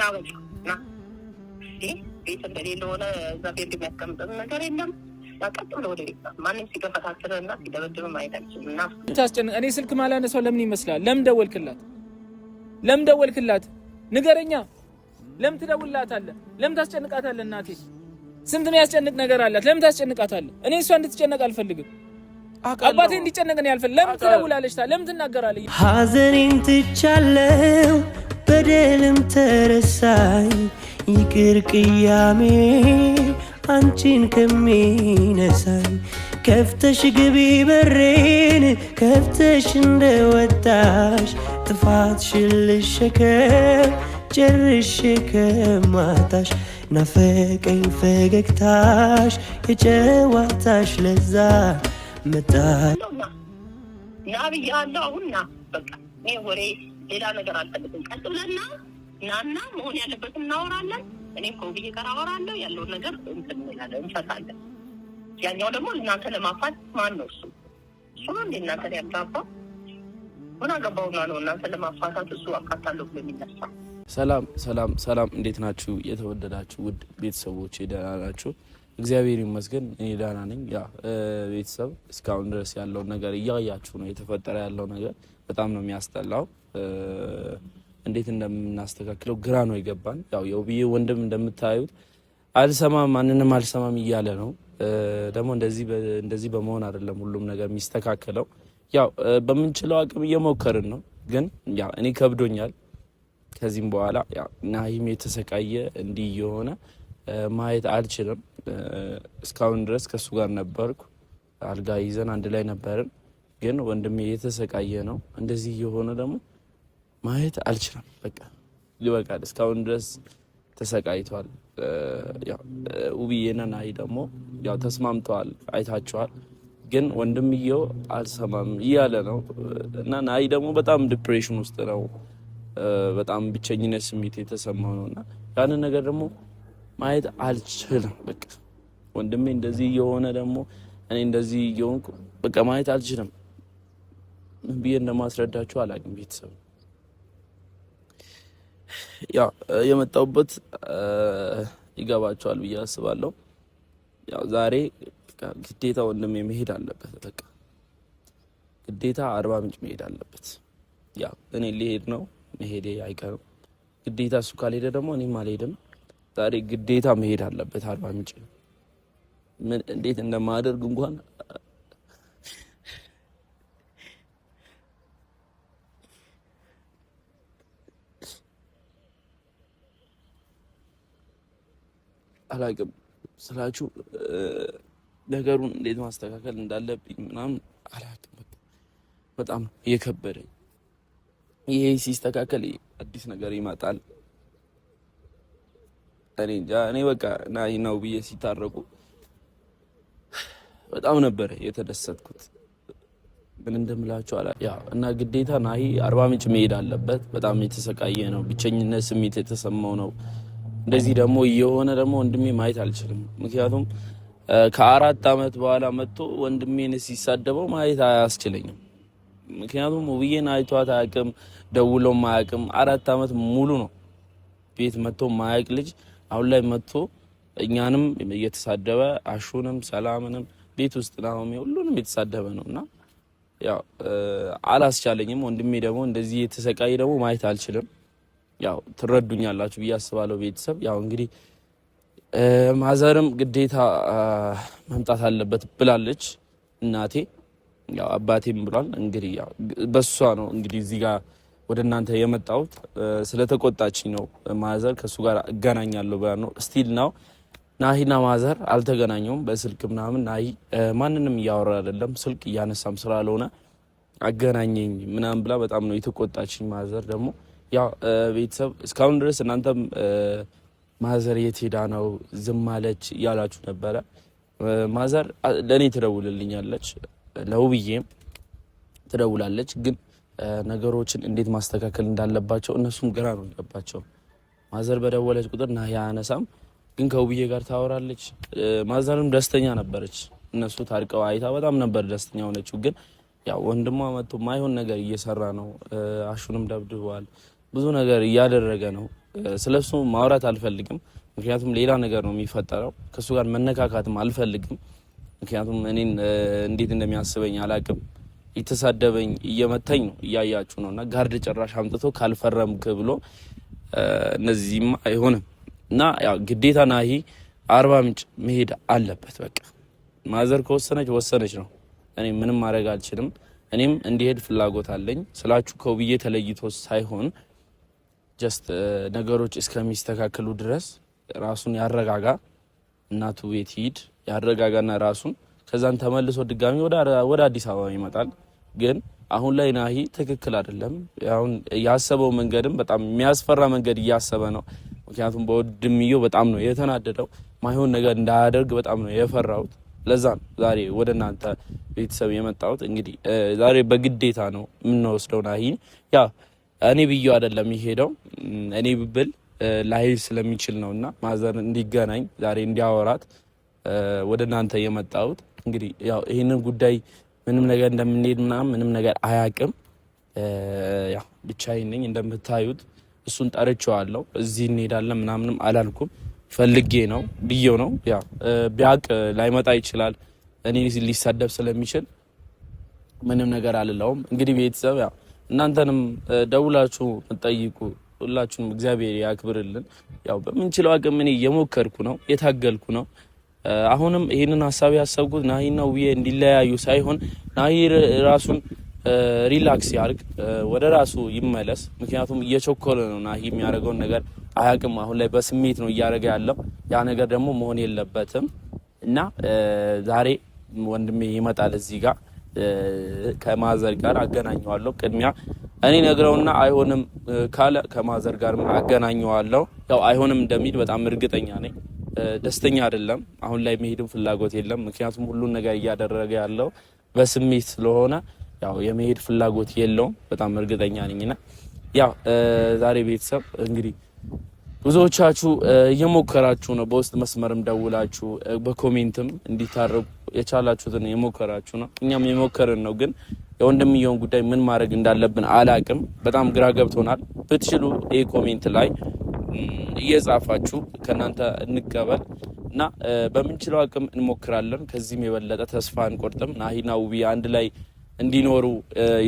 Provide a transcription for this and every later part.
ናና ቤት እንደሌለ እዛ ቤት የሚያስቀምጠን ነገር የለም። እኔ ስልክ ማላነሳው ለምን ይመስላል? ለምን ደወልክላት? ለምን ደወልክላት? ንገረኛ። ለምን ትደውልላታለህ? ለምን ታስጨንቃታለህ? እናቴ ስንት የሚያስጨንቅ ነገር አላት። ለምን ታስጨንቃታለህ? እኔ እሷ እንድትጨነቅ አልፈልግም። አባቴ እንዲጨነቅ እኔ አልፈልግም። ለምን ትደውላለች? ለምን ትናገራለች? ሀዘኔን ትቻለው በደልም ተረሳኝ ይቅር ቅያሜ አንቺን ከሚነሳኝ ከፍተሽ ግቢ በሬን ከፍተሽ እንደወጣሽ ጥፋትሽን ልሸከም ጨርሼ ከማታሽ ናፈቀኝ ፈገግታሽ የጨዋታሽ ለዛ መጣ ናብያ አሁና በቃ ወሬ ሌላ ነገር አልፈልግም። ቀጥ ብለና ናና መሆን ያለበት እናወራለን። እኔም ከውብዬ ጋር አወራለሁ። ያለውን ነገር እንትን እንፈታለን። ያኛው ደግሞ እናንተ ለማፋት ማን ነው እሱ? እሱ ነው እንዴ እናንተ ያጋባ ምን አገባውና ነው እናንተ ለማፋታት እሱ አካታለሁ ብሎ የሚነሳ ሰላም ሰላም ሰላም፣ እንዴት ናችሁ? የተወደዳችሁ ውድ ቤተሰቦች ደህና ናችሁ? እግዚአብሔር ይመስገን እኔ ደህና ነኝ። ያ ቤተሰብ እስካሁን ድረስ ያለውን ነገር እያያችሁ ነው። የተፈጠረ ያለው ነገር በጣም ነው የሚያስጠላው። እንዴት እንደምናስተካክለው ግራ ነው የገባን። ያው የውብዬ ወንድም እንደምታዩት አልሰማም፣ ማንንም አልሰማም እያለ ነው። ደግሞ እንደዚህ በመሆን አይደለም ሁሉም ነገር የሚስተካከለው። ያው በምንችለው አቅም እየሞከርን ነው፣ ግን ያው እኔ ከብዶኛል። ከዚህም በኋላ ናሂም የተሰቃየ እንዲህ እየሆነ ማየት አልችልም። እስካሁን ድረስ ከእሱ ጋር ነበርኩ፣ አልጋ ይዘን አንድ ላይ ነበርን። ግን ወንድሜ የተሰቃየ ነው እንደዚህ እየሆነ ደግሞ ማየት አልችልም። በቃ ይበቃል። እስካሁን ድረስ ተሰቃይተዋል። ውብዬና ናይ ደግሞ ያው ተስማምተዋል፣ አይታችኋል። ግን ወንድምየው አልሰማም እያለ ነው እና ናይ ደግሞ በጣም ዲፕሬሽን ውስጥ ነው። በጣም ብቸኝነት ስሜት የተሰማው ነው እና ያንን ነገር ደግሞ ማየት አልችልም። በቃ ወንድሜ እንደዚህ እየሆነ ደግሞ እኔ እንደዚህ እየሆንኩ በቃ ማየት አልችልም ብዬ እንደማስረዳችሁ አላውቅም ቤተሰብ ያ የመጣውበት ይገባቸዋል ብዬ አስባለሁ። ያ ዛሬ ግዴታ ወንድሜ መሄድ አለበት። በቃ ግዴታ አርባ ምንጭ መሄድ አለበት። ያ እኔ ሊሄድ ነው መሄዴ አይቀርም። ግዴታ እሱ ካልሄደ ደግሞ እኔም አልሄድም። ዛሬ ግዴታ መሄድ አለበት አርባ ምንጭ። ምን እንዴት እንደማደርግ እንኳን አላቅም ስላችሁ ነገሩን እንዴት ማስተካከል እንዳለብኝ ምናምን አላቅም። በጣም የከበደኝ ይሄ ሲስተካከል አዲስ ነገር ይመጣል። እኔ እንጃ እኔ በቃ ናይ ነው ብዬ ሲታረቁ በጣም ነበረ የተደሰትኩት። ምን እንደምላችሁ አላ ያው እና ግዴታ ናይ አርባ ምንጭ መሄድ አለበት። በጣም የተሰቃየ ነው። ብቸኝነት ስሜት የተሰማው ነው። እንደዚህ ደግሞ እየሆነ ደግሞ ወንድሜ ማየት አልችልም። ምክንያቱም ከአራት ዓመት በኋላ መጥቶ ወንድሜን ሲሳደበው ማየት አያስችለኝም። ምክንያቱም ውብዬን አይቷት አያውቅም፣ ደውሎም አያውቅም። አራት ዓመት ሙሉ ነው ቤት መጥቶ ማያውቅ ልጅ አሁን ላይ መጥቶ እኛንም እየተሳደበ አሹንም ሰላምንም ቤት ውስጥ ናሆም ሁሉንም የተሳደበ ነው እና ያው አላስቻለኝም። ወንድሜ ደግሞ እንደዚህ የተሰቃይ ደግሞ ማየት አልችልም። ያው ትረዱኛላችሁ ብዬ አስባለሁ። ቤተሰብ ያው እንግዲህ ማዘርም ግዴታ መምጣት አለበት ብላለች እናቴ፣ ያው አባቴም ብሏል። እንግዲህ ያው በሷ ነው እንግዲህ እዚህ ጋር ወደ እናንተ የመጣሁት ስለተቆጣችኝ ነው። ማዘር ከእሱ ጋር እገናኛለሁ ብላ ነው ስቲል ነው ናሂና ማዘር አልተገናኘውም። በስልክ ምናምን ናሂ ማንንም እያወራ አይደለም፣ ስልክ እያነሳም ስላልሆነ አገናኘኝ ምናምን ብላ በጣም ነው የተቆጣችኝ። ማዘር ደግሞ ያው ቤተሰብ እስካሁን ድረስ እናንተም ማዘር የት ሄዳ ነው ዝም አለች እያላችሁ ነበረ። ማዘር ለእኔ ትደውልልኛለች፣ ለውብዬም ትደውላለች። ግን ነገሮችን እንዴት ማስተካከል እንዳለባቸው እነሱም ግራ ነው የገባቸው። ማዘር በደወለች ቁጥር ና ያነሳም፣ ግን ከውብዬ ጋር ታወራለች። ማዘርም ደስተኛ ነበረች። እነሱ ታርቀው አይታ በጣም ነበር ደስተኛ ሆነችው። ግን ያው ወንድሟ መጥቶ ማይሆን ነገር እየሰራ ነው። አሹንም ደብድበዋል። ብዙ ነገር እያደረገ ነው። ስለሱ ማውራት አልፈልግም፣ ምክንያቱም ሌላ ነገር ነው የሚፈጠረው። ከእሱ ጋር መነካካትም አልፈልግም፣ ምክንያቱም እኔን እንዴት እንደሚያስበኝ አላቅም። የተሳደበኝ እየመታኝ ነው እያያችሁ ነው። እና ጋርድ ጭራሽ አምጥቶ ካልፈረምክ ብሎ እነዚህም አይሆንም እና ግዴታ ናሂ አርባ ምንጭ መሄድ አለበት። በቃ ማዘር ከወሰነች ወሰነች ነው። እኔ ምንም ማድረግ አልችልም። እኔም እንዲሄድ ፍላጎት አለኝ ስላችሁ ከውብዬ ተለይቶ ሳይሆን ጀስት uh, ነገሮች እስከሚስተካከሉ ድረስ ራሱን ያረጋጋ፣ እናቱ ቤት ሂድ ያረጋጋና ራሱን ከዛን ተመልሶ ድጋሚ ወደ አዲስ አበባ ይመጣል። ግን አሁን ላይ ናሂ ትክክል አይደለም። አሁን ያሰበው መንገድም በጣም የሚያስፈራ መንገድ እያሰበ ነው። ምክንያቱም በወንድምየው በጣም ነው የተናደደው። ማይሆን ነገር እንዳያደርግ በጣም ነው የፈራሁት። ለዛ ነው ዛሬ ወደ እናንተ ቤተሰብ የመጣሁት። እንግዲህ ዛሬ በግዴታ ነው የምንወስደው ናሂ ያ እኔ ብዬ አይደለም የሄደው። እኔ ብብል ላይል ስለሚችል ነው እና ማዘር እንዲገናኝ ዛሬ እንዲያወራት ወደ እናንተ የመጣሁት። እንግዲህ ያው ይህንን ጉዳይ ምንም ነገር እንደምንሄድ ምናምን ምንም ነገር አያውቅም። ያው ብቻዬን ነኝ እንደምታዩት። እሱን ጠርቼዋለሁ። እዚህ እንሄዳለን ምናምንም አላልኩም። ፈልጌ ነው ብዬው ነው። ያው ቢያቅ ላይመጣ ይችላል። እኔ ሊሳደብ ስለሚችል ምንም ነገር አልለውም። እንግዲህ ቤተሰብ ያው እናንተንም ደውላችሁ ጠይቁ። ሁላችሁም እግዚአብሔር ያክብርልን። ያው በምንችለው አቅም እኔ እየሞከርኩ ነው፣ የታገልኩ ነው። አሁንም ይህንን ሀሳብ ያሰብኩት ናሂና ውዬ እንዲለያዩ ሳይሆን ናሂ ራሱን ሪላክስ ያርግ፣ ወደ ራሱ ይመለስ። ምክንያቱም እየቸኮለ ነው ናሂ የሚያደርገውን ነገር አያውቅም። አሁን ላይ በስሜት ነው እያደረገ ያለው። ያ ነገር ደግሞ መሆን የለበትም እና ዛሬ ወንድሜ ይመጣል እዚህ ጋር ከማዘር ጋር አገናኘዋለሁ። ቅድሚያ እኔ ነግረውና አይሆንም ካለ ከማዘር ጋር አገናኘዋለሁ። ያው አይሆንም እንደሚል በጣም እርግጠኛ ነኝ። ደስተኛ አይደለም። አሁን ላይ መሄድም ፍላጎት የለም። ምክንያቱም ሁሉን ነገር እያደረገ ያለው በስሜት ስለሆነ ያው የመሄድ ፍላጎት የለውም። በጣም እርግጠኛ ነኝና ያው ዛሬ ቤተሰብ እንግዲህ ብዙዎቻችሁ እየሞከራችሁ ነው። በውስጥ መስመርም ደውላችሁ በኮሜንትም እንዲታረቁ የቻላችሁትን የሞከራችሁ ነው። እኛም የሞከርን ነው፣ ግን የወንድምየውን ጉዳይ ምን ማድረግ እንዳለብን አላቅም። በጣም ግራ ገብቶናል። ብትችሉ ይህ ኮሜንት ላይ እየጻፋችሁ ከእናንተ እንቀበል እና በምንችለው አቅም እንሞክራለን። ከዚህም የበለጠ ተስፋ አንቆርጥም። ናሂና ውቢ አንድ ላይ እንዲኖሩ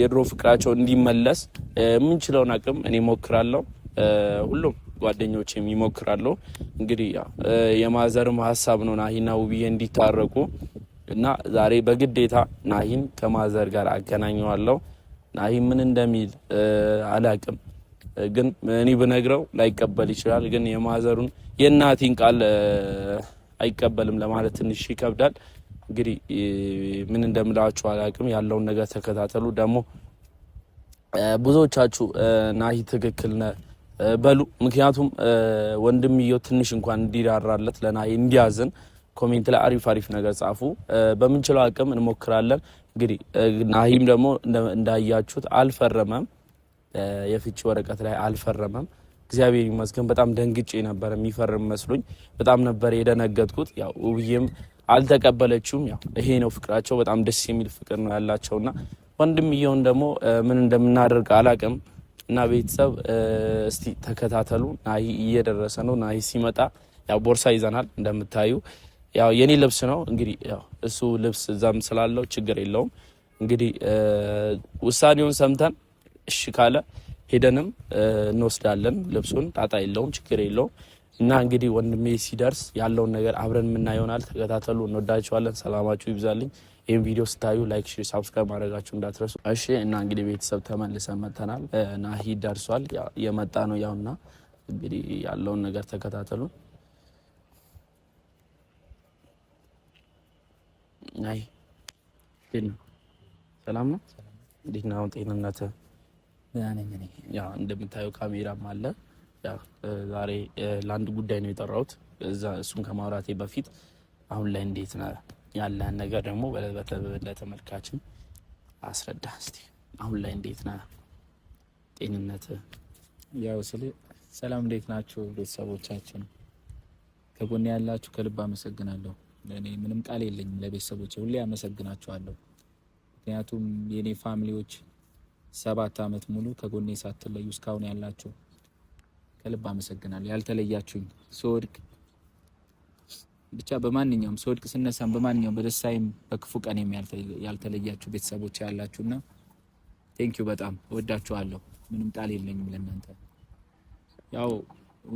የድሮ ፍቅራቸው እንዲመለስ የምንችለውን አቅም እኔ ሞክራለሁ። ሁሉም ጓደኞችም ይሞክራሉ። እንግዲህ የማዘርም ሀሳብ ነው ናሂና ውቢ እንዲታረቁ እና ዛሬ በግዴታ ናሂም ከማዘር ጋር አገናኘዋለሁ። ናሂም ምን እንደሚል አላቅም፣ ግን እኔ ብነግረው ላይቀበል ይችላል። ግን የማዘሩን የእናቲን ቃል አይቀበልም ለማለት ትንሽ ይከብዳል። እንግዲህ ምን እንደምላችሁ አላቅም። ያለውን ነገር ተከታተሉ። ደግሞ ብዙዎቻችሁ ናሂ ትክክል ነ በሉ። ምክንያቱም ወንድምየው ትንሽ እንኳን እንዲራራለት ለናሂ እንዲያዝን ኮሜንት ላይ አሪፍ አሪፍ ነገር ጻፉ። በምንችለው አቅም እንሞክራለን። እንግዲህ ናሂም ደግሞ እንዳያችሁት አልፈረመም፣ የፍቺ ወረቀት ላይ አልፈረመም። እግዚአብሔር ይመስገን። በጣም ደንግጬ ነበር፣ የሚፈርም መስሎኝ በጣም ነበር የደነገጥኩት። ያው ውብዬም አልተቀበለችውም። ያው ይሄ ነው ፍቅራቸው። በጣም ደስ የሚል ፍቅር ነው ያላቸውና ወንድምየውን ደግሞ ምን እንደምናደርግ አላቅም እና ቤተሰብ እስቲ ተከታተሉ። ናሂ እየደረሰ ነው። ናሂ ሲመጣ ያው ቦርሳ ይዘናል እንደምታዩ ያው የኔ ልብስ ነው እንግዲህ ያው እሱ ልብስ እዛም ስላለው ችግር የለውም። እንግዲህ ውሳኔውን ሰምተን እሺ ካለ ሄደንም እንወስዳለን። ልብሱን ጣጣ የለውም፣ ችግር የለውም። እና እንግዲህ ወንድሜ ሲደርስ ያለውን ነገር አብረን የምናየው ይሆናል። ተከታተሉ። እንወዳችኋለን። ሰላማችሁ ይብዛልኝ። ይህም ቪዲዮ ስታዩ ላይክ፣ ሼር፣ ሳብስክራይብ ማድረጋችሁ እንዳትረሱ። እሺ። እና እንግዲህ ቤተሰብ ተመልሰን መጥተናል። ናሂ ደርሷል። የመጣ ነው ያውና እንግዲህ ያለውን ነገር ተከታተሉ። አይ ግን ሰላም ነው። እንዴት ነው አሁን ጤንነትህ? ያ እንደምታየው ካሜራም አለ። ያ ዛሬ ለአንድ ጉዳይ ነው የጠራሁት። እዛ እሱን ከማውራቴ በፊት አሁን ላይ እንዴት ነው ያለህን ነገር ደግሞ ለተመልካችን አስረዳ እስቲ። አሁን ላይ እንዴት ነው ጤንነት? ያው ስል ሰላም፣ እንዴት ናችሁ ቤተሰቦቻችን? ከጎን ያላችሁ ከልብ አመሰግናለሁ። እኔ ምንም ቃል የለኝም ለቤተሰቦች ሁሌ አመሰግናቸዋለሁ። ምክንያቱም የእኔ ፋሚሊዎች ሰባት አመት ሙሉ ከጎኔ ሳትለዩ እስካሁን ያላችሁ ከልብ አመሰግናለሁ። ያልተለያችሁኝ ስወድቅ ብቻ በማንኛውም ስወድቅ ስነሳም፣ በማንኛውም በደስታዬም በክፉ ቀኔም ያልተለያችሁ ቤተሰቦች ያላችሁና ቴንኪዩ በጣም እወዳችኋለሁ። ምንም ቃል የለኝም ለእናንተ። ያው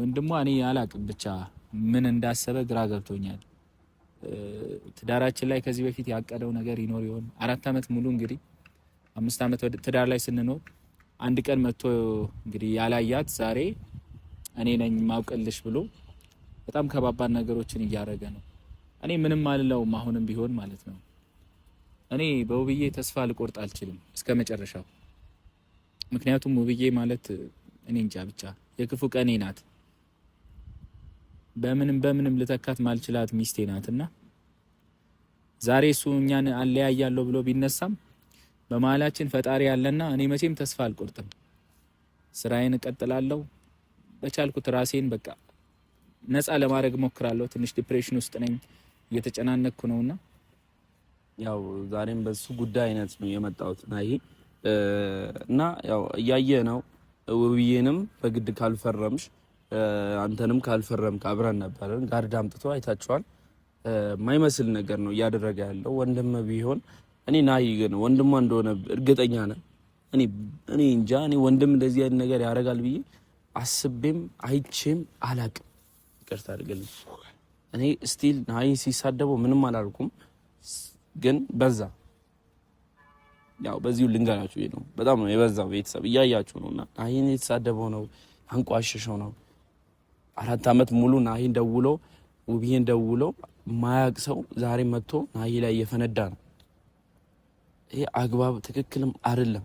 ወንድሟ እኔ አላቅም ብቻ ምን እንዳሰበ ግራ ገብቶኛል። ትዳራችን ላይ ከዚህ በፊት ያቀደው ነገር ይኖር ይሆን? አራት አመት ሙሉ እንግዲህ አምስት ዓመት ትዳር ላይ ስንኖር አንድ ቀን መጥቶ እንግዲህ ያላያት ዛሬ እኔ ነኝ ማውቀልሽ ብሎ በጣም ከባባድ ነገሮችን እያደረገ ነው። እኔ ምንም አልለውም፣ አሁንም ቢሆን ማለት ነው። እኔ በውብዬ ተስፋ ልቆርጥ አልችልም እስከ መጨረሻው። ምክንያቱም ውብዬ ማለት እኔ እንጃ ብቻ የክፉ ቀኔ ናት። በምንም በምንም ልተካት ማልችላት ሚስቴ ናትና ዛሬ እሱ እኛን አለያያለሁ ብሎ ቢነሳም በመሀላችን ፈጣሪ ያለና እኔ መቼም ተስፋ አልቆርጥም። ስራዬን እቀጥላለሁ። በቻልኩት ራሴን በቃ ነፃ ለማድረግ ሞክራለሁ። ትንሽ ዲፕሬሽን ውስጥ ነኝ፣ እየተጨናነኩ ነውና ያው ዛሬም በሱ ጉዳይ አይነት ነው የመጣሁት ናይ እና ያው እያየ ነው ውብዬንም በግድ ካልፈረምሽ አንተንም ካልፈረምክ አብረን ነበረን። ጋርድ አምጥቶ አይታችኋል። የማይመስል ነገር ነው እያደረገ ያለው። ወንድም ቢሆን እኔ ናይ ግን ወንድሟ እንደሆነ እርግጠኛ ነ እኔ እንጃ እኔ ወንድም እንደዚህ አይነት ነገር ያደርጋል ብዬ አስቤም አይቼም አላቅም። ይቅርታ አድርግልኝ። እኔ ስቲል ናይ ሲሳደበው ምንም አላልኩም፣ ግን በዛ ያው በዚሁ ልንገራችሁ ነው። በጣም ነው የበዛው። ቤተሰብ እያያችሁ ነው እና ይህን የተሳደበው ነው አንቋሸሸው ነው አራት ዓመት ሙሉ ናሂን ደውሎ ውብዬን ደውሎ ማያቅ ሰው ዛሬ መጥቶ ናሂ ላይ እየፈነዳ ነው። ይሄ አግባብ ትክክልም አይደለም።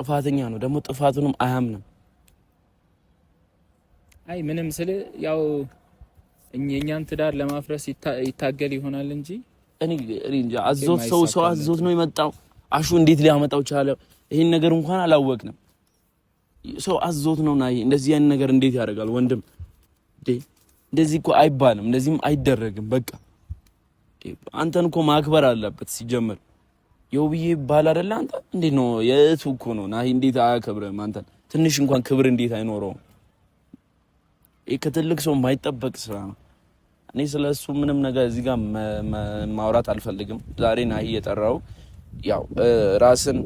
ጥፋተኛ ነው ደግሞ ጥፋቱንም አያምንም። አይ ምንም ስል ያው እኛን ትዳር ለማፍረስ ይታገል ይሆናል እንጂ አዞት ሰው ሰው አዞት ነው የመጣው። አሹ እንዴት ሊያመጣው ቻለ? ይሄን ነገር እንኳን አላወቅንም። ሰው አዞት ነው ናሂ። እንደዚህ ያን ነገር እንዴት ያደርጋል ወንድም እንደዚህ እኮ አይባልም፣ እንደዚህም አይደረግም። በቃ አንተን እኮ ማክበር አለበት። ሲጀምር የውብዬ ባል አደለ አንተ? እንዴት ነው የእህቱ እኮ ነው ናሂ። እንዴት አያከብርም አንተን? ትንሽ እንኳን ክብር እንዴት አይኖረውም? ይህ ከትልቅ ሰው የማይጠበቅ ስራ ነው። እኔ ስለ እሱ ምንም ነገር እዚህ ጋር ማውራት አልፈልግም። ዛሬ ናሂ የጠራው ያው ራስን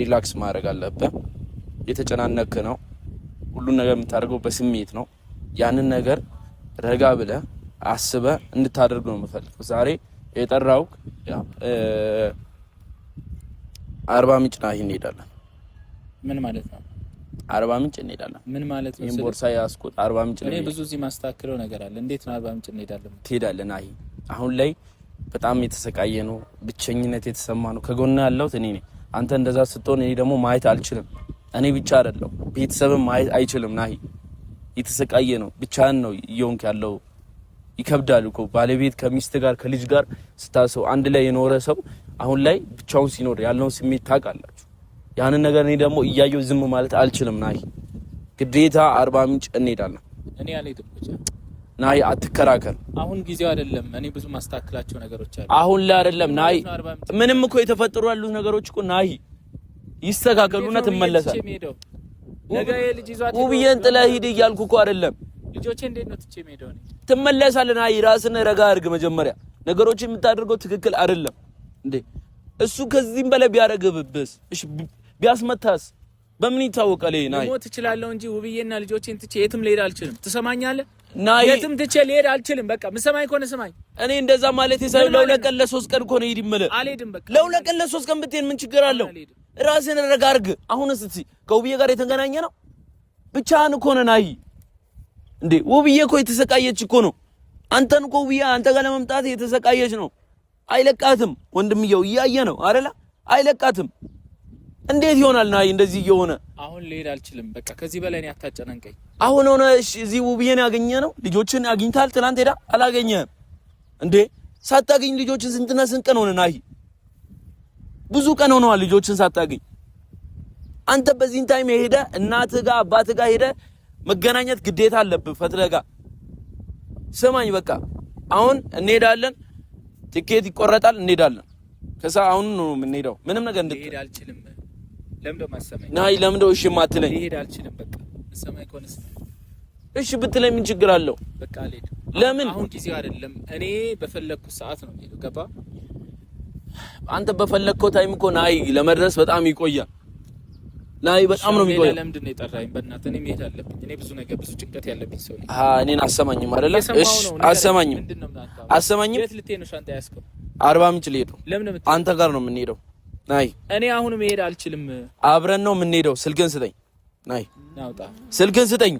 ሪላክስ ማድረግ አለብህ። የተጨናነክ ነው ሁሉን ነገር የምታደርገው በስሜት ነው። ያንን ነገር ረጋ ብለ አስበ እንድታደርግ ነው የምፈልገው። ዛሬ የጠራው አርባ ምንጭ ና እንሄዳለን። ምን ማለት ነው? አርባ ምንጭ እንሄዳለን። ምን ማለት ነው? ይሄን ቦርሳ ያስቆጥ አርባ ምንጭ ነው። እኔ ብዙ እዚህ ማስተካከለው ነገር አለ። እንዴት ነው አርባ ምንጭ እንሄዳለን? ትሄዳለን። አይ አሁን ላይ በጣም የተሰቃየ ነው፣ ብቸኝነት የተሰማ ነው። ከጎን ያለሁት እኔ ነኝ። አንተ እንደዛ ስትሆን እኔ ደግሞ ማየት አልችልም። እኔ ብቻ አይደለም ቤተሰብም ማየት አይችልም ናይ የተሰቃየ ነው። ብቻህን ነው እየሆንክ ያለው። ይከብዳል እኮ ባለቤት ከሚስት ጋር ከልጅ ጋር ስታሰው አንድ ላይ የኖረ ሰው አሁን ላይ ብቻውን ሲኖር ያለውን ስሜት ታውቃላችሁ። ያንን ነገር እኔ ደግሞ እያየው ዝም ማለት አልችልም። ናይ ግዴታ አርባ ምንጭ እንሄዳለን። እኔ አልሄድም ብቻ ናይ አትከራከር። አሁን ጊዜው አይደለም። እኔ ብዙ ማስተካከላቸው ነገሮች አሉ። አሁን ላይ አይደለም ናይ። ምንም እኮ የተፈጠሩ ያሉት ነገሮች እኮ ናይ ይስተካከሉና ትመለሳል። ነገ የልጅ ይዟት ውብዬን ጥለህ ሂድ እያልኩ እኮ አይደለም። ልጆቼ እንዴት ነው ትቼ የምሄደው? ትመለሳለህ። ራስን ረጋ አድርግ መጀመሪያ። ነገሮችን የምታደርገው ትክክል አይደለም እንዴ። እሱ ከዚህም በላይ ቢያረገብብስ፣ እሺ ቢያስመታስ፣ በምን ይታወቃል? ይሄ ናይ ሞት እችላለሁ እንጂ ውብዬና ልጆቼን ትቼ የትም ልሄድ አልችልም። ትሰማኛለህ? ናይ የትም ትቼ ልሄድ አልችልም። በቃ ምሰማኝ ከሆነ ስማኝ። እኔ እንደዛ ማለት ለሁለት ቀን ለሶስት ቀን ከሆነ ሂድ ይመለ አልሄድም። በቃ ለሁለት ቀን ለሶስት ቀን ብትሄድ ምን ችግር አለው? ራስን ረጋ አድርግ። እስቲ ከውብዬ ጋር የተገናኘ ነው። ብቻህን እኮ ነህ ናይ እንዴ ውብዬ እኮ የተሰቃየች እኮ ነው። አንተን እኮ ውብዬ አንተ ጋር ለመምጣት የተሰቃየች ነው። አይለቃትም። ወንድምየው እያየ ነው አይደለ? አይለቃትም። እንዴት ይሆናል ናይ እንደዚህ እየሆነ አሁን ልሄድ አልችልም። በቃ ከዚህ በላይ እኔ አታጨናንቀኝ። አሁን ሆነ እዚህ ውብዬን ያገኘ ነው። ልጆችን አግኝታል። ትናንት ሄዳ አላገኘህም እንዴ? ሳታገኝ ልጆችን ስንትና ስንት ነው ናይ ብዙ ቀን ሆነዋል ልጆችን ሳታገኝ። አንተ በዚህን ታይም ሄደ እናት ጋር አባት ጋር ሄደ መገናኘት ግዴታ አለብህ። ፈትለጋ ስማኝ፣ በቃ አሁን እንሄዳለን። ትኬት ይቆረጣል፣ እንሄዳለን። ከዛ አሁን ነው የምንሄደው። ምንም ነገር እንድት ሄድ አልችልም። ለምደው ማሰማኝ ናይ ለምደው እሺ ማትለኝ ሄድ አልችልም። በቃ ሰማይ ኮንስ እሺ ብትለኝ ምን ችግር አለው? በቃ ለምን አሁን ጊዜው አይደለም። እኔ በፈለግኩት ሰዓት ነው የምሄደው። ገባ አንተ በፈለግከው ታይም እኮ ናይ ለመድረስ በጣም ይቆያል። ናይ በጣም ነው የሚቆያል። ለምንድን ነው የጠራኸኝ? በእናትህ እኔ መሄድ አለብኝ። እኔ ብዙ ነገር ብዙ ጭንቀት ያለብኝ ሰው ነኝ። አሃ እኔን አሰማኝም አይደለ? እሺ አሰማኝም፣ አሰማኝም። የት ልትሄድ ነው? ሻንጣ ያዝከው? አርባ ምንጭ ልሄድ ነው። ለምን? አንተ ጋር ነው የምንሄደው። ናይ እኔ አሁን መሄድ አልችልም። አብረን ነው የምንሄደው። ስልክህን ስጠኝ። ናይ ስልክህን ስጠኝ፣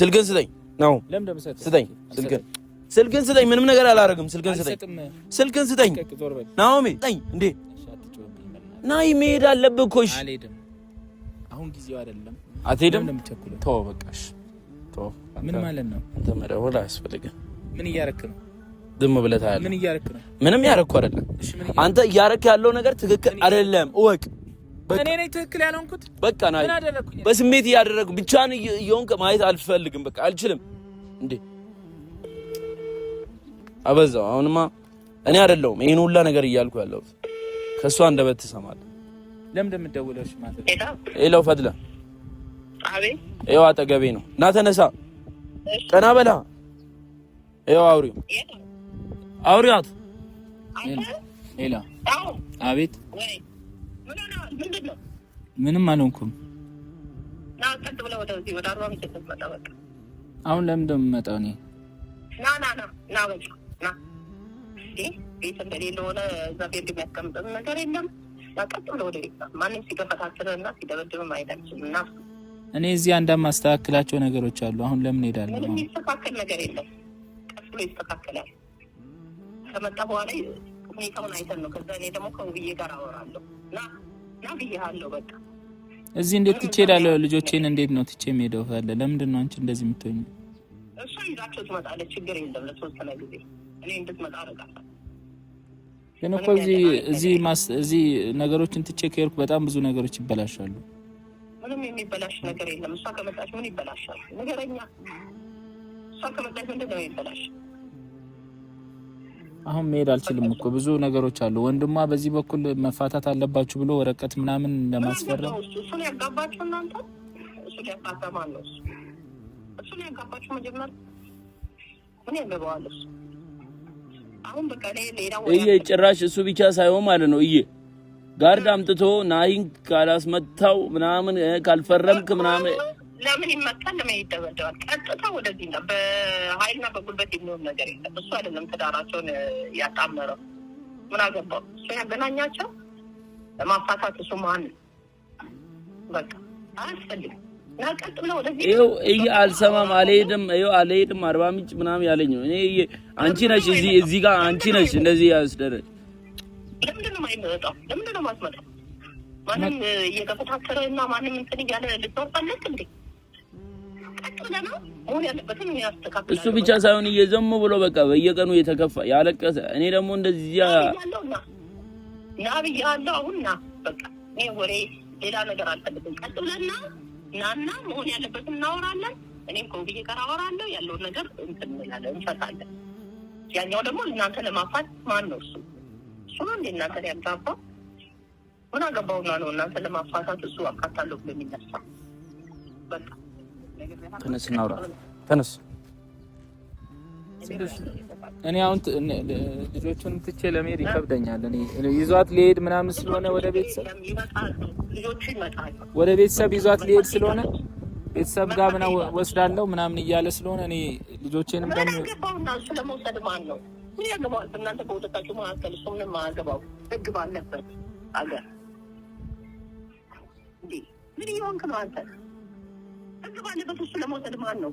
ስልክህን ስጠኝ ነው። ለምን ደምሰት ስጠኝ ስልክህን ስልክን ስጠኝ። ምንም ነገር አላደርግም። ስልክን ስጠኝ። ስልክን ስጠኝ። ናኦሚ ስጠኝ። እንዴ ናይ መሄድ አለብህ እኮ እሺ። አሁን ጊዜው አይደለም። አትሄድም? ተው በቃ እሺ። ተው ምን ማለት ነው? ተመረው አያስፈልግም። ምን እያረክ ነው? ዝም ብለህ ታያለህ። ምን እያረክ ነው? ምንም ያረኩ አይደለም። አንተ እያረክ ያለው ነገር ትክክል አይደለም፣ እወቅ። እኔ ነኝ ትክክል ያልሆንኩት። በቃ ናይ በስሜት እያደረግኩ ብቻህን እየሆንክ ማየት አልፈልግም። በቃ አልችልም እንዴ አበዛው። አሁንማ እኔ አይደለሁም ይሄን ሁላ ነገር እያልኩ ያለሁት ከእሷ አንደበት ትሰማለህ። ለምን እንደምደውለው? እሺ ማለት ነው ፈድላ አቤት። ይኸው አጠገቤ ነው። ና ተነሳ፣ ቀና በላ። ይኸው አውሪው አውሪያት። ሌላ አቤት። ምንም አልሆንኩም። አሁን ለምን እንደምመጣው እኔ ና ና ና ቤት እንደሌለ ሆነ እዛ ቤት የሚያስቀምጥ ነገር የለም። ቀጥ ብሎ ወደ ቤት ማንም ሲገፈታትንና ሲደበድብም አይዳችን እና እኔ እዚህ አንድ ማስተካከላቸው ነገሮች አሉ። አሁን ለምን ሄዳለሁ? ምንም የሚስተካከል ነገር የለም። ቀስ ብሎ ይስተካከላል። ከመጣ በኋላ ሁኔታውን አይተን ነው። ከዛ እኔ ደግሞ ከውብዬ ጋር አወራለሁ ና ና ብያለሁ። በቃ እዚህ እንዴት ትቼ እሄዳለሁ? ልጆቼን እንዴት ነው ትቼ የምሄደው? ካለ ለምንድን ነው አንቺ እንደዚህ የምትሆኝ? እሱ ይዛቸው ትመጣለች። ችግር የለም። ለተወሰነ ጊዜ እኔ እንድትመጣ አደርጋታለሁ። ግን እኮ እዚህ ነገሮችን ትቼ ከሄድኩ በጣም ብዙ ነገሮች ይበላሻሉ። ምንም የሚበላሽ ነገር የለም። እሷ ከመጣች ምን ይበላሻል? ነገረኛ እሷ ከመጣች ምንድን ነው የሚበላሽ? አሁን መሄድ አልችልም እኮ ብዙ ነገሮች አሉ። ወንድሟ በዚህ በኩል መፋታት አለባችሁ ብሎ ወረቀት ምናምን ለማስፈራ እሱን ያጋባችሁ እናንተ እሱ ሊያፋተማ ነው እሱ እሱን ያጋባችሁ መጀመር ምን ያገባዋል እሱ እዬ ጭራሽ እሱ ብቻ ሳይሆን ማለት ነው እዬ ጋርድ አምጥቶ ናሂን ካላስመታው ምናምን ካልፈረምክ ምናምን ለምን ይመጣል? ለምን ይደበደባል? ቀጥታ ወደዚህ ነው። በሀይልና በጉልበት የሚሆን ነገር የለም። እሱ አይደለም ትዳራቸውን ያጣመረው። ምን አገባው እሱ ያገናኛቸው ለማፋታት እሱ ማን በቃ አያስፈልግም። ይኸው አልሰማም፣ አልሄድም፣ ይኸው አልሄድም፣ አርባ ምንጭ ምናምን ያለኝ እኔ አንቺ ነሽ እዚህ እዚህ ጋር አንቺ ነሽ እንደዚህ ያስደረግ እሱ ብቻ ሳይሆን እየዘሙ ብሎ በቃ በየቀኑ የተከፋ ያለቀሰ እኔ ደግሞ ና ብያለሁ። አሁን ና በቃ እኔ ወሬ ሌላ ነገር አልፈልግም። ቀጥ ናና መሆን ያለበት እናወራለን። እኔም ከውብዬ ጋር አወራለሁ። ያለውን ነገር እንትንላለን እንፈታለን። ያኛው ደግሞ እናንተ ለማፋት ማን ነው እሱ? እሱ ነው እንዴ እናንተ ያጋባ ምን አገባውና ነው እናንተ ለማፋታት እሱ አካታለሁ ብሎ የሚነሳ በቃ ተነስ፣ እናውራ፣ ተነስ እኔ አሁን ልጆቹን ትቼ ለመሄድ ይከብደኛል። እኔ ይዟት ሊሄድ ምናምን ስለሆነ ወደ ቤተሰብ ወደ ቤተሰብ ይዟት ሊሄድ ስለሆነ ቤተሰብ ጋር ምና ወስዳለው ምናምን እያለ ስለሆነ እኔ ልጆቼንም ደ ነው ምን ያገባዋል? እናንተ በወደታችሁ መካከል እሱ ምንም አያገባው። ህግ ባለበት አገር ምን እየሆንክ ነው አንተ? ህግ ባለበት እሱ ለመውሰድ ማን ነው?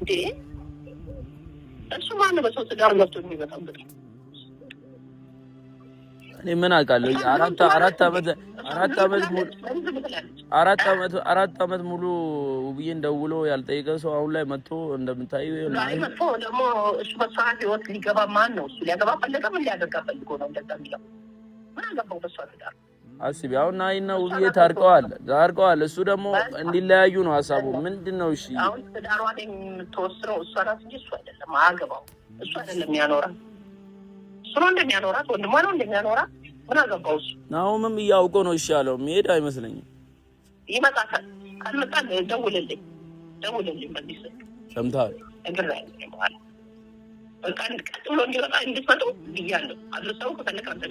እንዴ እሱ ማነው በሰው ትዳር ገብቶ የሚበጣበት? እኔ ምን አውቃለሁ? አራት አራት አመት አራት አመት ሙሉ አራት አመት አራት አመት ሙሉ ውብዬን ደውሎ ያልጠየቀ ሰው አሁን ላይ መጥቶ እንደምታዩ ላይ መጥቶ ደግሞ እሱ በሰዓት ህይወት ሊገባ ማን ነው? እሱ ሊያገባ ፈለገ ምን ሊያደርጋ ፈልጎ ነው እንደዛ የሚለው ምን አገባው በሷ ትዳር አስቢ። አሁን ናይና ውብዬ ታርቀዋል ታርቀዋል። እሱ ደግሞ እንዲለያዩ ነው ሀሳቡ። ምንድን ነው እሺ፣ አሁን ትዳሯ ላይ የምትወስነው እሷ ናት እንጂ እሱ አይደለም። አያገባው እሱ አይደለም ያኖራት፣ እሱ ነው እንደሚያኖራት፣ ወንድሟ ነው እንደሚያኖራት። ምን አገባው እሱ። አሁንም እያውቆ ነው እሺ ያለው። መሄድ አይመስለኝም። ይመጣታል። ካልመጣ ደውልልኝ፣ ደውልልኝ። በዚህ ስ ሰምታል እግር ላይ በኋላ በቃ ቀጥ ብሎ እንዲመጣ እንድትመጡ ብያለሁ። አድርሰው ከፈለግ አንተን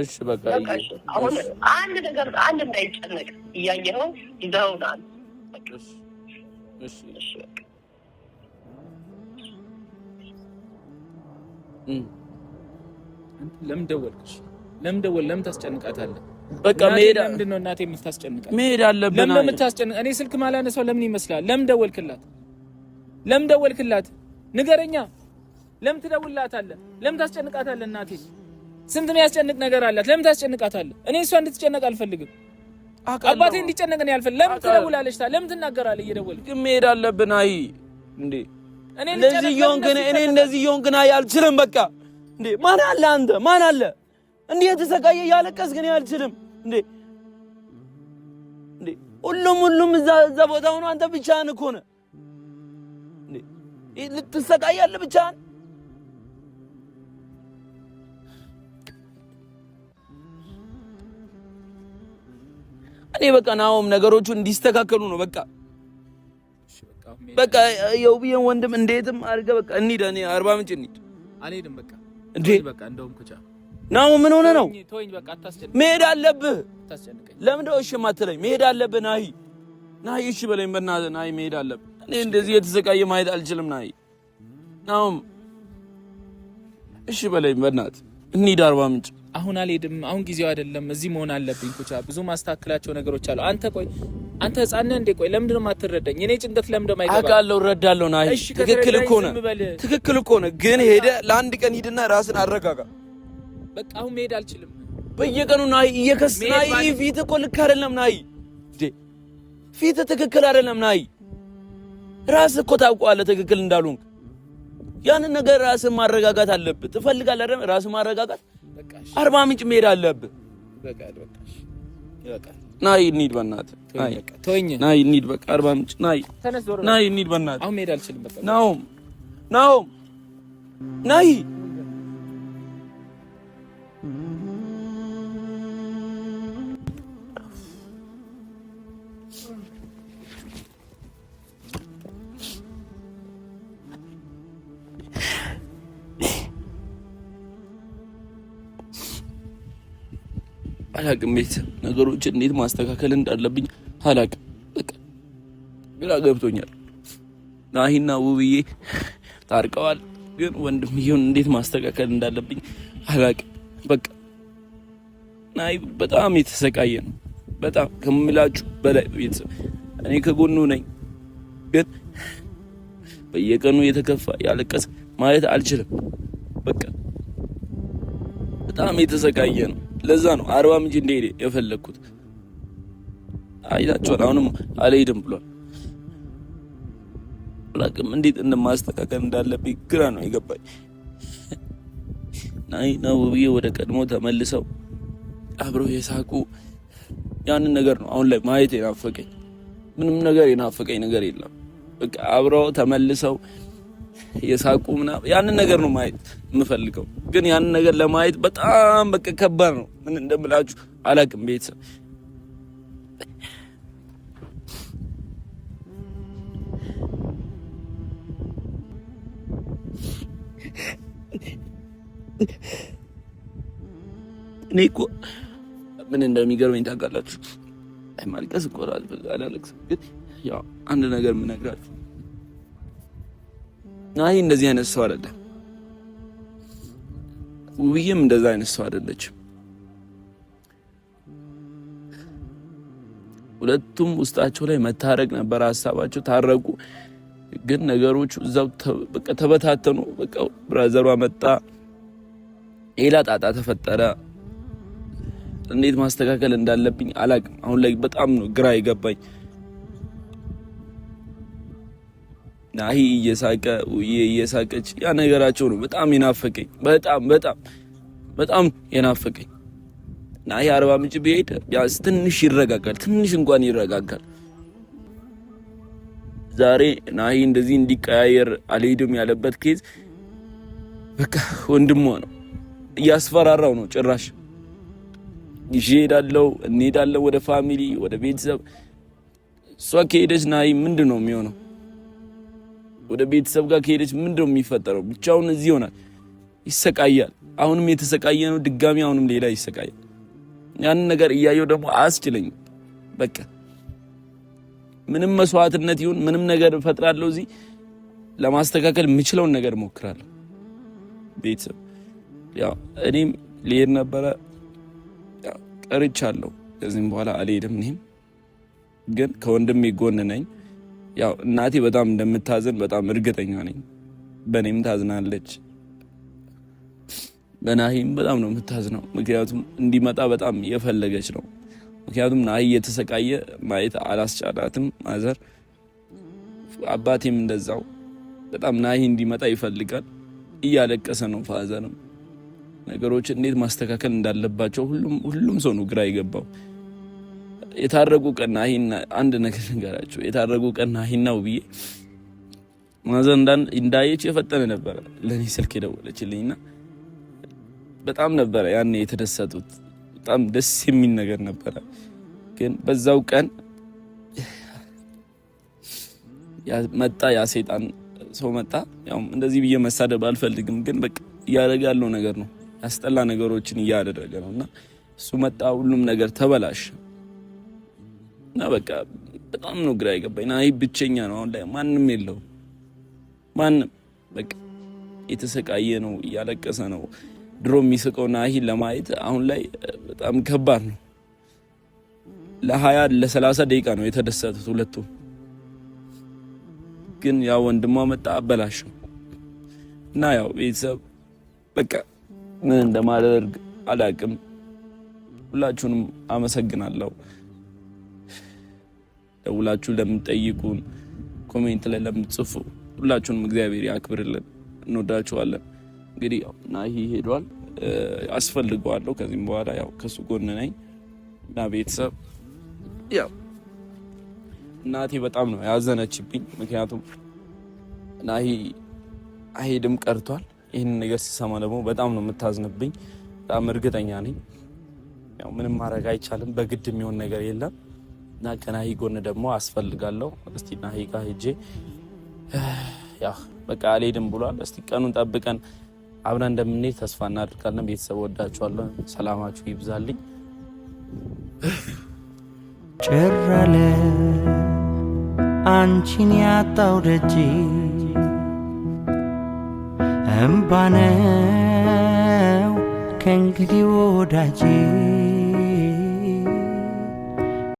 እሺ በቃ አሁን አንድ ነገር አንድ እንዳይጨነቅ እያየኸው ይዘውናል። ለምን ደወልክሽ? ለምን ደወል? ለምን ታስጨንቃታለህ? በቃ መሄድ ምንድን ነው እናቴ የምታስጨንቃት? መሄድ አለብን። ለምን የምታስጨንቃት? እኔ ስልክ ማላነሳው ለምን ይመስላል? ለምን ደወልክላት? ለምን ደወልክላት? ንገረኛ። ለምን ትደውልላታለህ? ለምን ታስጨንቃታለህ እናቴ ስንት የሚያስጨንቅ ነገር አላት። ለምን ታስጨንቃታለህ? እኔ እሷ እንድትጨነቅ አልፈልግም። አባቴ እንዲጨነቅ ነው ያልፈልግ። ለምን ትደውላለች? ለምን ትናገራለህ? እየደወልክ ግን መሄድ አለብን። አይ እንዴ እኔ እንደዚህ እየሆንክ ግን አይ አልችልም። በቃ እንዴ ማን አለ አንተ? ማን አለ እንዴ? የተሰቃየ እያለቀስክ ግን አልችልም። እንዴ እንዴ ሁሉም ሁሉም እዛ እዛ ቦታ ሆኖ አንተ ብቻህን እኮ ነህ። ልትሰቃያለህ ብቻህን እኔ በቃ ናሆም ነገሮቹ እንዲስተካከሉ ነው በቃ በቃ ያው ብዬን ወንድም እንዴትም አድርገህ በቃ እንሂድ፣ እኔ አርባ ምንጭ እንሂድ። አልሄድም በቃ እንዴ፣ በቃ እንደውም ኩቻ ናው ምን ሆነ ነው? በቃ አታስጨንቅ። መሄድ አለብህ። ለምን ደው እሺ የማትለኝ? መሄድ አለብህ ናሂ፣ ናሂ እሺ በለኝ በእናትህ ናሂ፣ መሄድ አለብህ። እኔ እንደዚህ የተሰቃየ ማየት አልችልም ናሂ። ናሆም እሺ በለኝ በእናትህ እንሂድ አርባ ምንጭ አሁን አልሄድም፣ አሁን ጊዜው አይደለም፣ እዚህ መሆን አለብኝ። ኩቻ ብዙ ማስተካከላቸው ነገሮች አሉ። አንተ ቆይ አንተ ህጻን ነህ እንዴ? ቆይ ለምንድን ነው የማትረዳኝ? እኔ ጭንቀት ለምንድን ነው አይገባም። አውቃለሁ፣ እረዳለሁ። ና ትክክል እኮ ነህ፣ ትክክል እኮ ነህ። ግን ሄደህ ለአንድ ቀን ሂድና ራስን አረጋጋ። በቃ አሁን መሄድ አልችልም። በየቀኑ ናይ እየከስ ናይ ፊት እኮ ልክ አይደለም። ናይ ፊት ትክክል አይደለም። ናይ ራስ እኮ ታውቀዋለህ ትክክል እንዳሉን። ያንን ነገር ራስን ማረጋጋት አለብህ። ትፈልጋለህ አይደል? ራስን ማረጋጋት አርባ ምንጭ መሄድ አለብህ። ናይ እንሂድ፣ በእናትህ ናይ እንሂድ፣ በቃ አርባ ምንጭ ናይ ናይ እንሂድ፣ በእናትህ ናውም ናውም ናይ አላቅም። ቤት ነገሮች እንዴት ማስተካከል እንዳለብኝ አላቅም። ግራ ገብቶኛል። ናሂና ውብዬ ታርቀዋል፣ ግን ወንድምየውን እንዴት ማስተካከል እንዳለብኝ አላቅም። በቃ ናይ በጣም የተሰቃየ ነው። በጣም ከምላችሁ በላይ ቤተሰብ እኔ ከጎኑ ነኝ፣ ግን በየቀኑ የተከፋ ያለቀሰ ማለት አልችልም። በቃ በጣም የተሰቃየ ነው። ለዛ ነው አርባ ምንጭ እንደሄደ የፈለግኩት። አይታችኋል። አሁንም አልሄድም ብሏል። ላቅም እንዴት እንደማስተካከል እንዳለብኝ ግራ ነው የገባኝ። ናይ ነው ብዬ ወደ ቀድሞ ተመልሰው አብረው የሳቁ ያንን ነገር ነው አሁን ላይ ማየት የናፈቀኝ። ምንም ነገር የናፈቀኝ ነገር የለም። በቃ አብረው ተመልሰው የሳቁ ምናምን ያንን ነገር ነው ማየት የምፈልገው። ግን ያንን ነገር ለማየት በጣም በቃ ከባድ ነው። ምን እንደምላችሁ አላቅም። ቤተሰብ እኔ እኮ ምን እንደሚገርመኝ ታውቃላችሁ? ማልቀስ እኮ አላለቅስም፣ ግን ያው አንድ ነገር የምነግራችሁ አይ እንደዚህ አይነት ሰው አይደለም። ውብዬም እንደዚህ አይነት ሰው አይደለችም። ሁለቱም ውስጣቸው ላይ መታረቅ ነበር ሀሳባቸው። ታረቁ፣ ግን ነገሮቹ እዛው በቃ ተበታተኑ። በቃ ብራዘሯ መጣ፣ ሌላ ጣጣ ተፈጠረ። እንዴት ማስተካከል እንዳለብኝ አላቅም። አሁን ላይ በጣም ነው ግራ የገባኝ። ናሂ እየሳቀ ውዬ እየሳቀች ያ ነገራቸው ነው በጣም የናፈቀኝ። በጣም በጣም በጣም የናፈቀኝ ናሂ አርባ ምንጭ ቢሄድ ቢያንስ ትንሽ ይረጋጋል፣ ትንሽ እንኳን ይረጋጋል። ዛሬ ናሂ እንደዚህ እንዲቀያየር አልሄድም ያለበት ኬዝ በቃ ወንድሟ ነው እያስፈራራው ነው ጭራሽ ይዤ ሄዳለው እንሄዳለን ወደ ፋሚሊ ወደ ቤተሰብ እሷ ከሄደች ናሂ ምንድን ነው የሚሆነው? ወደ ቤተሰብ ጋር ከሄደች ምንድነው የሚፈጠረው? ብቻውን እዚህ ይሆናል፣ ይሰቃያል። አሁንም የተሰቃየ ነው ድጋሚ፣ አሁንም ሌላ ይሰቃያል። ያንን ነገር እያየው ደግሞ አያስችለኝም። በቃ ምንም መስዋዕትነት ይሁን ምንም ነገር እፈጥራለሁ እዚህ ለማስተካከል የምችለውን ነገር ሞክራለሁ። ቤተሰብ ያው እኔም ልሄድ ነበረ ቀርቻለሁ። ከዚህም በኋላ አልሄድም። እኔም ግን ከወንድሜ ጎን ነኝ። ያው እናቴ በጣም እንደምታዝን በጣም እርግጠኛ ነኝ። በእኔም ታዝናለች፣ በናሂም በጣም ነው የምታዝነው። ምክንያቱም እንዲመጣ በጣም የፈለገች ነው። ምክንያቱም ናሂ እየተሰቃየ ማየት አላስቻላትም። ማዘር አባቴም እንደዛው በጣም ናሂ እንዲመጣ ይፈልጋል። እያለቀሰ ነው ፋዘርም ነገሮች እንዴት ማስተካከል እንዳለባቸው ሁሉም ሁሉም ሰው ነው ግራ የገባው። የታረጉ ቀናሂና አንድ ነገር ንገራቸው። የታረጉ ሂናው ብዬ ማዘን እንዳየች የፈጠነ ነበረ ለእኔ ስልክ የደወለችልኝና በጣም ነበረ ያኔ የተደሰቱት። በጣም ደስ የሚል ነገር ነበረ። ግን በዛው ቀን መጣ ያ ሰይጣን ሰው መጣ። ያው እንደዚህ ብዬ መሳደብ አልፈልግም፣ ግን በቃ እያደረገ ያለው ነገር ነው ያስጠላ ነገሮችን እያደረገ ነው እና እሱ መጣ። ሁሉም ነገር ተበላሽ። እና በቃ በጣም ነው ግራ የገባኝ። ና ብቸኛ ነው አሁን ላይ ማንም የለው ማንም በቃ የተሰቃየ ነው፣ እያለቀሰ ነው። ድሮ የሚስቀው ናሂን ለማየት አሁን ላይ በጣም ከባድ ነው። ለሀያ ለሰላሳ ደቂቃ ነው የተደሰቱት ሁለቱ። ግን ያው ወንድሟ መጣ አበላሽ እና ያው ቤተሰብ በቃ ምን እንደማደርግ አላቅም። ሁላችሁንም አመሰግናለሁ። ደውላችሁ ለምትጠይቁን፣ ኮሜንት ላይ ለምትጽፉ ሁላችሁንም እግዚአብሔር ያክብርልን። እንወዳችኋለን። እንግዲህ ናሂ ሄዷል፣ አስፈልገዋለሁ። ከዚህም በኋላ ያው ከሱ ጎን ነኝ እና ቤተሰብ ያው እናቴ በጣም ነው ያዘነችብኝ። ምክንያቱም ናሂ አይሄድም ቀርቷል። ይህንን ነገር ሲሰማ ደግሞ በጣም ነው የምታዝንብኝ። በጣም እርግጠኛ ነኝ። ያው ምንም ማድረግ አይቻልም። በግድ የሚሆን ነገር የለም። እና ከናሂ ጎን ደግሞ አስፈልጋለሁ። እስቲ ናሂ ጋ ሄጄ ያ በቃ አልሄድም ብሏል። እስቲ ቀኑን ጠብቀን አብረን እንደምንሄድ ተስፋ እናድርጋለን። ቤተሰብ ወዳችኋለሁ። ሰላማችሁ ይብዛልኝ። ጭራለ አንቺን ያጣው ደጅ እምባነው ከእንግዲህ ወዳጄ